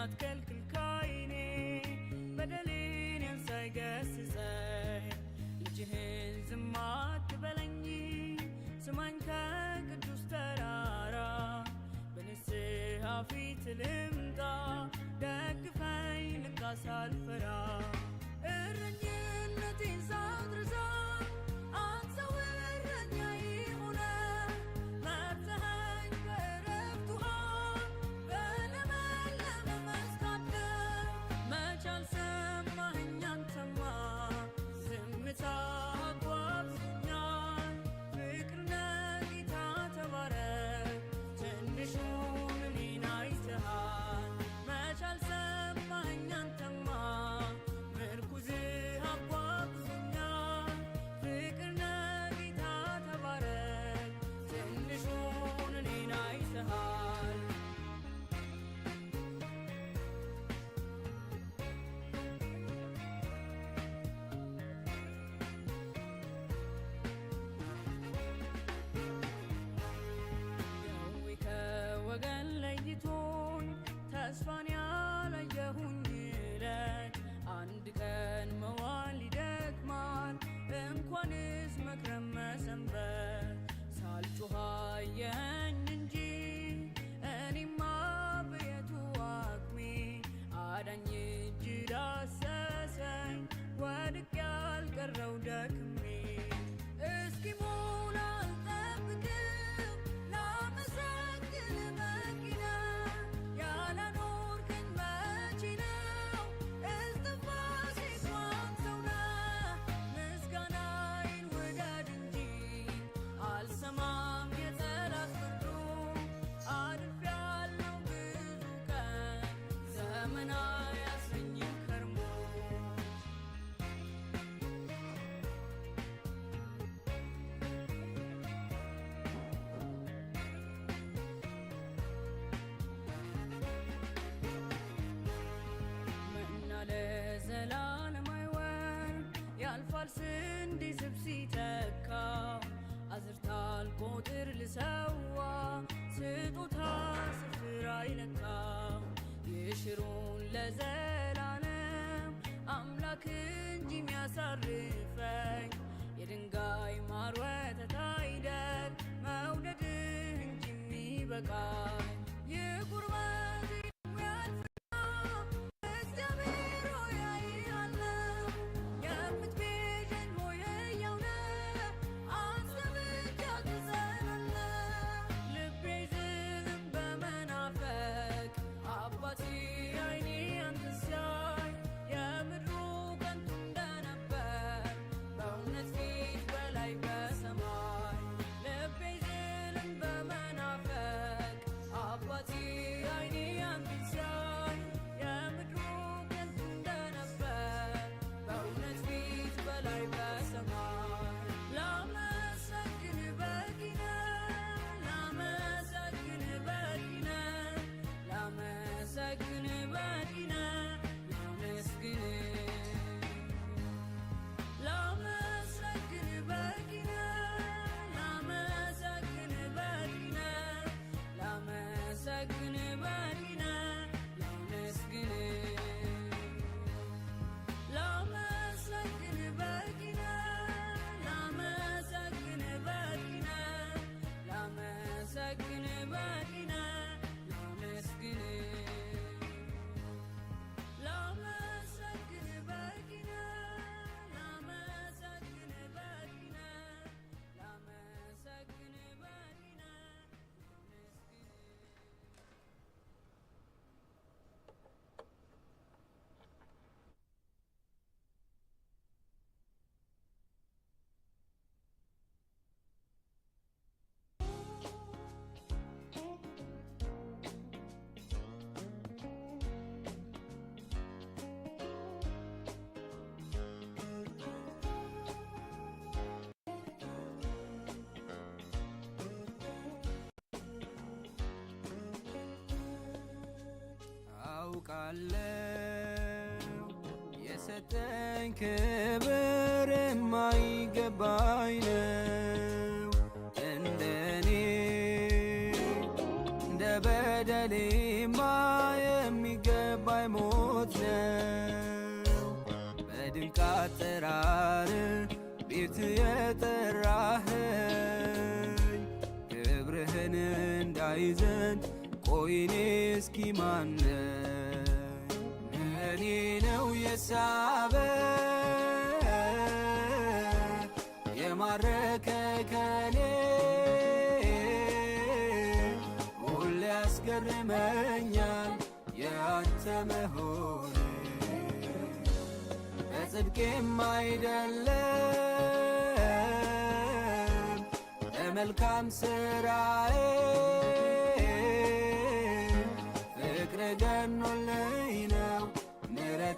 እንዳትከልክል ካይኔ በደሌን ሳይገስጸኝ ልጅህን ዝም አትበለኝ ስማኝ ከቅዱስ ተራራ በንስሐ ፊት ልምጣ ደግፈኝ ልካሳልፈራ ስ መክረም መሰንበት ሳልጩህ አየኸኝ እንጂ እኔማ በየቱ አቅሜ አዳኝ እጅ ዳሰሰኝ ወድቄ አልፏል ስንዴ ስብ ሲተካ አዝርታል ቁጥር ልሰዋ ስጦታ ስፍራ ይለካ የሽሩን ለዘላለም አምላክ እንጂ ሚያሳርፈኝ የድንጋይ ማር ወተት አይደል መውደድህ እንጂ ሚበቃኝ አውቃለሁ የሰጠኝ ክብር የማይገባኝ ነው። እንደኔ እንደ በደሌማ የሚገባኝ ሞት ነው። በድንቅ አጠራር ቤት የጠራህኝ ክብርህን እንዳይዘን ቆይኔ እስኪ ማነ ሳበ የማረከ ከኔ ሁሌ ያስገርመኛል ያንተ መሆን በጽድቄም አይደለም በመልካም ስራዬ